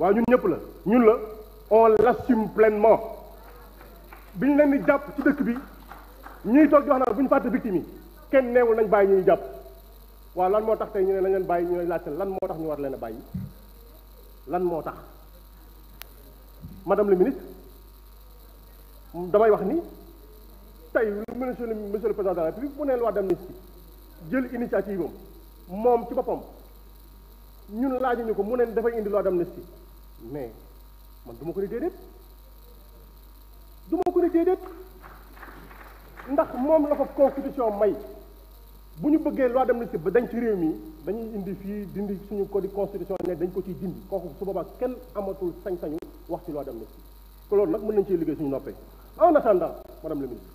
waaw ñun ñëpp la ñun la on l'assume pleinement bi ñu leen di jàpp ci dëkk bi ñuy toog di wax naan bu ñu fàtte victime yi kenn neewul nañ bàyyi ñuy jàpp waaw lan moo tax tey ñu ne lañ leen bàyyi ñu ne lan moo tax ñu war leen bàyyi lan moo tax madame la ministre damay wax ni tey monsieur le monsieur le président de la république mu ne loi jël initiative am moom ci boppam ñun laajuñu ko mu ne dafay indi loi d'amnistie mais man duma ko ne dedet duma ko ne dedet ndax mom la ko constitution may bu ñu bëggee loi d'amnistie ba dañ ci réew mi dañuy indi fii dindi suñu code constitution ne dañ ko ciy dindi kooku su boobaa kenn amatul sañ-sañu wax ci loi d'amnistie ko loolu nag mën nañ cee liggéey suñu noppee en attendant madame le ministre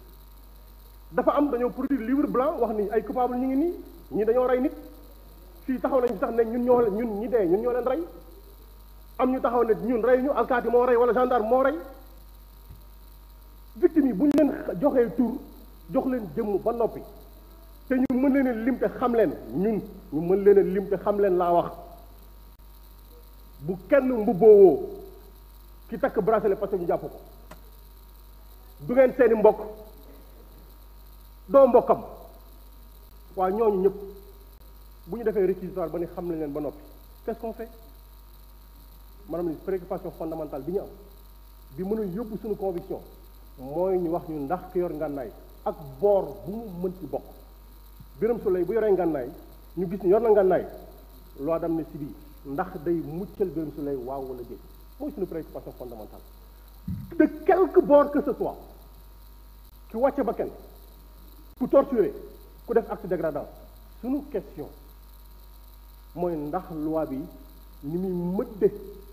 dafa am dañoo produit livre blanc wax ni ay coupable ñu ngi nii ñi dañoo rey nit fii taxaw nañ sax ne ñun ñoo ñun ñi dee ñun ñoo leen rey am ñu taxaw ne ñun rey ñu alkaati moo rey wala gendarme moo rey victime yi bu ñu leen joxee tur jox leen jëmm ba noppi te ñu mën leen lim te xam leen ñun ñu mën leen a lim te xam leen laa wax bu kenn mbubboowoo ki takk bracelet parce que ñu jàpp ko du ngeen seeni mbokk doo mbokkam waa ñoom ñëpp bu ñu defee réquisitoire ba ni xam nañ leen ba noppi quest fait maanaam ni préoccupation fondamentale bi ñu am bi mën a yóbbu suñu conviction mooy ñu wax ñu ndax ki yor ngànnaay ak boor bu mu mën ci bokk Birame Souleye bu yoree ngànnaay ñu gis ni yor na ngànnaay loi d'amnistie bi ndax day muccal Birame Souleye waaw wala déet mooy suñu préoccupation fondamentale de quelque bord que ce soit ki wàcce ba kenn ku torturer ku def acte dégradant suñu question mooy ndax loi bi ni muy mëdde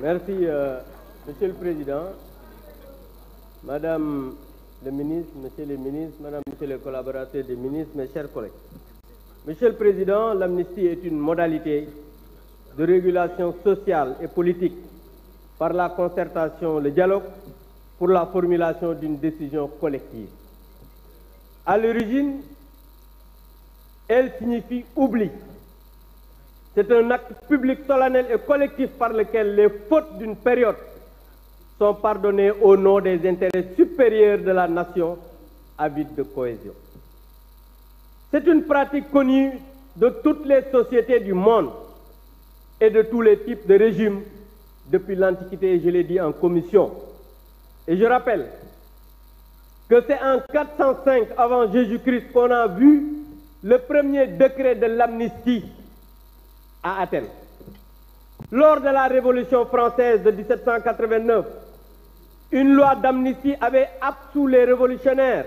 Merci, euh, Monsieur le Président, Madame le ministre, Monsieur le ministre, Madame, Monsieur les collaborateurs des ministres, mes chers collègues. Monsieur le Président, l'amnistie est une modalité de régulation sociale et politique par la concertation, le dialogue, pour la formulation d'une décision collective. À l'origine, elle signifie oubli c'est un acte public solennel et collectif par lequel les fautes d'une période sont pardonnées au nom des intérêts supérieurs de la nation avide de cohésion. C'est une pratique connue de toutes les sociétés du monde et de tous les types de régimes depuis l'Antiquité, je l'ai dit en commission. Et je rappelle que c'est en 405 avant Jésus-Christ qu'on a vu le premier décret de l'amnistie à Athènes. Lors de la Révolution française de 1789, une loi d'amnistie avait absous les révolutionnaires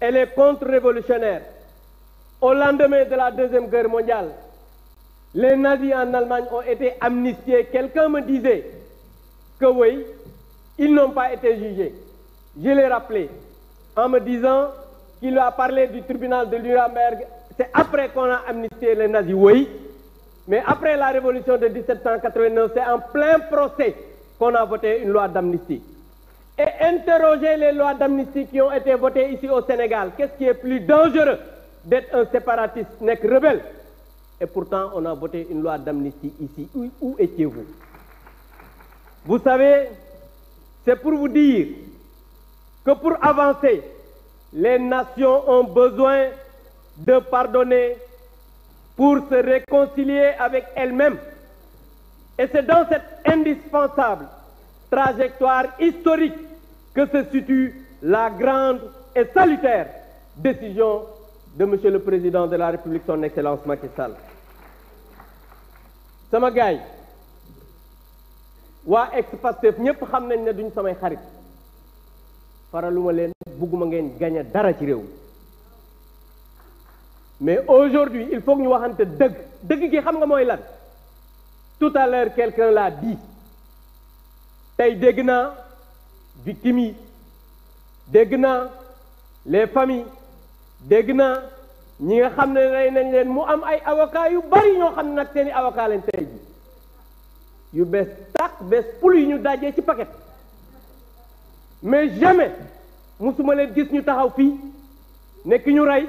et les contre-révolutionnaires. Au lendemain de la Deuxième Guerre mondiale, les nazis en Allemagne ont été amnistiés. Quelqu'un me disait que oui, ils n'ont pas été jugés. Je l'ai rappelé en me disant qu'il a parlé du tribunal de Nuremberg. C'est après qu'on a amnistié les nazis. Oui, mais après la révolution de 1789, c'est en plein procès qu'on a voté une loi d'amnistie. Et interroger les lois d'amnistie qui ont été votées ici au Sénégal, qu'est-ce qui est plus dangereux d'être un séparatiste, n'est rebelle Et pourtant, on a voté une loi d'amnistie ici. où étiez-vous Vous savez, c'est pour vous dire que pour avancer, les nations ont besoin de pardonner pour se réconcilier avec elle-même. Et c'est dans cette indispensable trajectoire historique que se situe la grande et salutaire décision de Monsieur le Président de la République, son Excellence Macky Sall. sama gay, wa ex-Pastef ñëpp xam nañ ne duñ samay xarit faraluma leen bugguma ngeen gañe dara ci réew mais aujourd'hui il faut que ñu waxante dëgg dëgg gi xam nga mooy lan tout à l'heure quelqu'un l'a dit tey dégg naa victimes yi dégg les familles dégg naa ñi nga xam ne rey nañ leen mu am ay avocats yu bari ñoo xam ne nag seeni avocats lañ tey ji yu bees tàq bees pul yu ñu dajee ci paquet mais jamais musuma leen gis ñu taxaw fii nekk ñu rey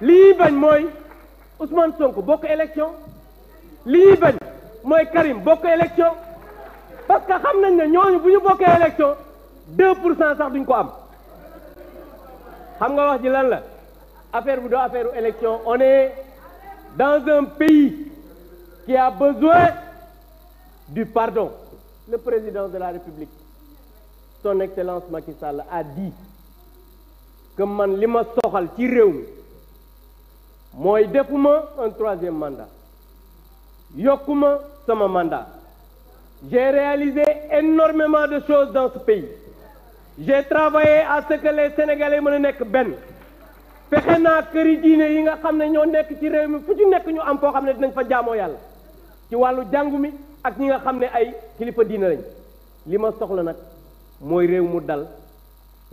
L'Iban, bañ mooy Ousmane Sonko bokk élection lii bañ mooy Karim bokk élection parce que xam nañ ne ñooñu bu ñu bokkee élection 2% pour cent sax duñ ko am xam nga wax ji lan la affaire bu affaire élection on est dans un pays qui a besoin du pardon le président de la République son excellence Macky Sall a dit que man li ma soxal ci réew moy defuma un troisième mandat yokuma sama mandat j'ai réalisé énormément de choses dans ce pays j'ai travaillé à ce que les sénégalais mën nek ben benn fexe naa yi nga xamné ne nek ci réew mi fu ci nek ñu am foo xamné dinañ fa jaamoo yalla ci walu jangumi ak ñi nga xamné ay kilifa diine lañ lima soxla nak moy réew mu dal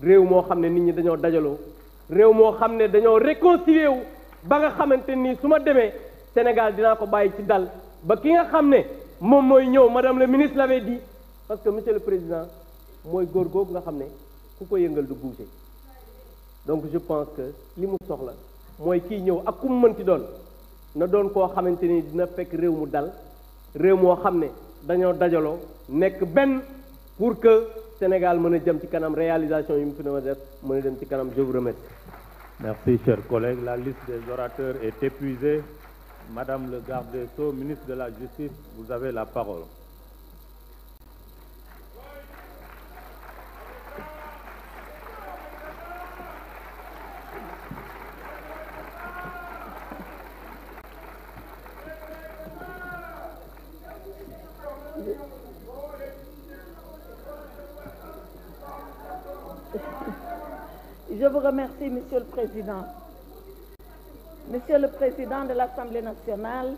réew moo xam ne nit ñi dañoo dajaloo réew moo xam ne dañoo réconcilier wu ba nga xamante ni su ma demee Sénégal dinaa ko bàyyi ci dal ba ki nga xam ne moom mooy ñëw madame le ministre l'avait dit parce que monsieur le président mooy góor googu nga xam ne ku ko yëngal du bouger donc je pense que li mu soxla mooy kii ñëw ak ku mu mënti doon na doon koo xamante ni dina fekk réew mu dal réew moo xam ne dañoo dajaloo nekk benn pour que Sénégal mën a jëm ci kanam réalisation yi mu fi mën def mën a ci kanam je vous remercie Merci, chers collègues. La liste des orateurs est épuisée. Madame le garde des Sceaux, ministre de la Justice, vous avez la parole. Je vous remercie, Monsieur le Président. Monsieur le Président de l'Assemblée nationale,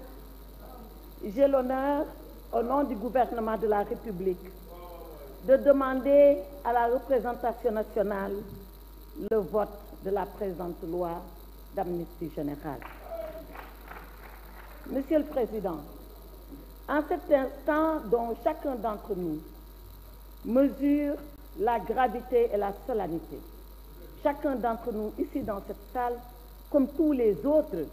j'ai l'honneur, au nom du gouvernement de la République, de demander à la représentation nationale le vote de la présente loi d'amnistie générale. Monsieur le Président, en cet instant dont chacun d'entre nous mesure la gravité et la solennité, chacun d'entre nous ici dans cette salle, comme tous les autres